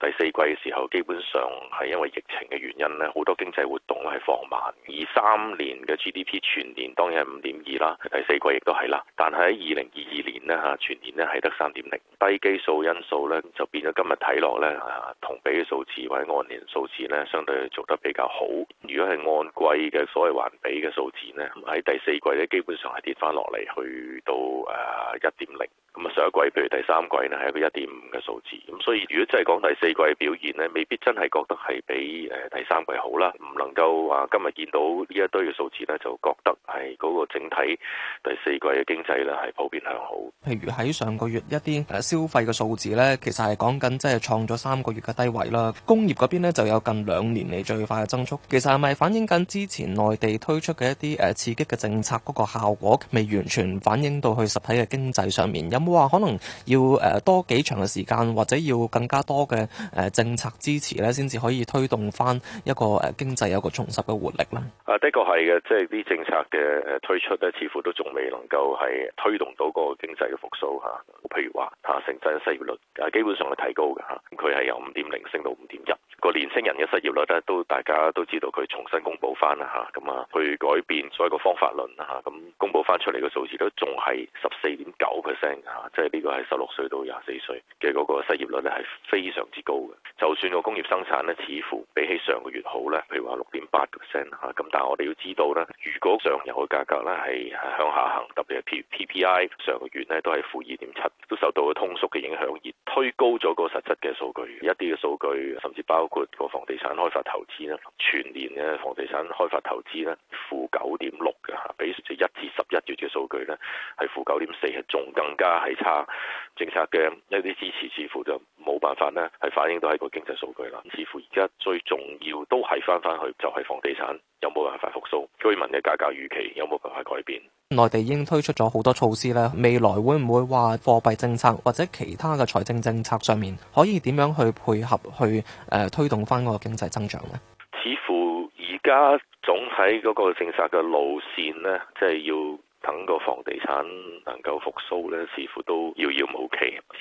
第四季嘅時候，基本上係因為疫情嘅原因咧，好多經濟活動咧係放慢。二三年嘅 GDP 全，全年當然係五點二啦，第四季亦都係啦。但喺二零二二年呢，吓全年咧係得三點零，低基數因素呢就變咗今日睇落呢啊同比嘅數字或者按年數字呢相對做得比較好。如果係按季嘅所謂環比嘅數字呢，喺第四季呢基本上係跌翻落嚟，去到誒一點零。咁啊上一季，譬如第三季呢，係一個一點五嘅數字。咁所以如果真係講第四季嘅表現呢，未必真係覺得係比誒第三季好啦。唔能夠話今日見到呢一堆嘅數字呢，就覺得係嗰個整體第四季嘅經濟呢係普遍向好。譬如喺上個月一啲誒消費嘅數字呢，其實係講緊即係創咗三個月嘅低位啦。工業嗰邊呢就有近兩年嚟最快嘅增速。其實係咪反映緊之前內地推出嘅一啲誒刺激嘅政策嗰個效果未完全反映到去實體嘅經濟上面？有冇？我話可能要誒多幾長嘅時間，或者要更加多嘅誒政策支持咧，先至可以推動翻一個誒經濟有一個重拾嘅活力咧。啊，的確係嘅，即係啲政策嘅誒推出咧，似乎都仲未能夠係推動到嗰個經濟嘅復甦嚇。譬如話嚇，城鎮嘅失業率基本上係提高嘅嚇，佢、啊、係由五點零升到五點一。青人嘅失業率咧，都大家都知道佢重新公布翻啦嚇，咁啊去改變所有個方法論啊嚇，咁公布翻出嚟嘅數字都仲係十四點九 percent 嚇，即係呢個係十六歲到廿四歲嘅嗰個失業率咧，係非常之高嘅。算個工業生產咧，似乎比起上個月好咧。譬如話六點八個 percent 嚇，咁但係我哋要知道咧，如果上游嘅價格咧係向下行，特別係 P P I 上個月咧都係負二點七，都受到嘅通縮嘅影響而推高咗個實質嘅數據。一啲嘅數據甚至包括個房地產開發投資啦，全年嘅房地產開發投資咧負九點六㗎嚇，比一至十一月嘅數據咧係負九點四，係仲更加係差。政策嘅一啲支持似乎就～係反映到一個經濟數據啦，似乎而家最重要都係翻翻去，就係、是、房地產有冇辦法復甦，居民嘅價格預期有冇辦法改變？內地已經推出咗好多措施咧，未來會唔會話貨幣政策或者其他嘅財政政策上面可以點樣去配合去誒、呃、推動翻個經濟增長咧？似乎而家總體嗰個政策嘅路線咧，即、就、係、是、要等個房地產能夠復甦咧，似乎都要要。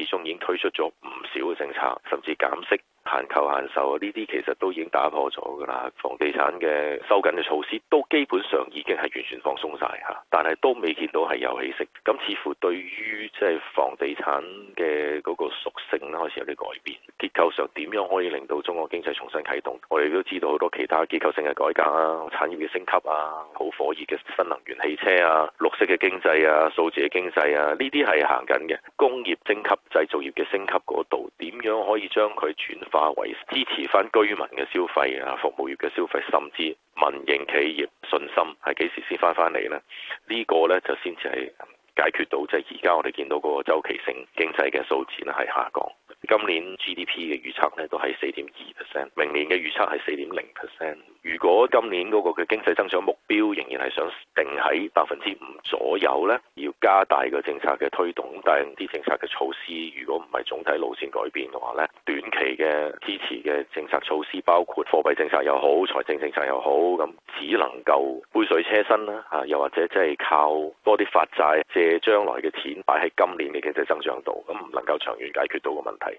仲已經推出咗唔少嘅政策，甚至減息。限購限售呢啲其實都已經打破咗㗎啦，房地產嘅收緊嘅措施都基本上已經係完全放鬆晒，嚇，但係都未見到係有起色。咁似乎對於即係房地產嘅嗰個屬性咧，開始有啲改變。結構上點樣可以令到中國經濟重新啟動？我哋都知道好多其他結構性嘅改革啊，產業嘅升級啊，好火熱嘅新能源汽車啊，綠色嘅經濟啊，數字嘅經濟啊，呢啲係行緊嘅工業升級、製造業嘅升級嗰度，點樣可以將佢轉？化為支持翻居民嘅消費啊，服務業嘅消費，甚至民營企業信心，係幾時先翻翻嚟呢？呢、呢個呢，就先至係解決到，即係而家我哋見到嗰個週期性經濟嘅數字呢係下降。今年 GDP 嘅預測呢都係四點二 percent，明年嘅預測係四點零 percent。如果今年嗰個嘅經濟增長目標仍然係想定喺百分之五左右呢，要加大個政策嘅推動。咁但係啲政策嘅措施，如果唔係總體路線改變嘅話呢，短期嘅支持嘅政策措施，包括貨幣政策又好、財政政策又好，咁只能夠杯水車薪啦。嚇，又或者即係靠多啲發債借將來嘅錢擺喺今年嘅經濟增長度，咁唔能夠長遠解決到個問題。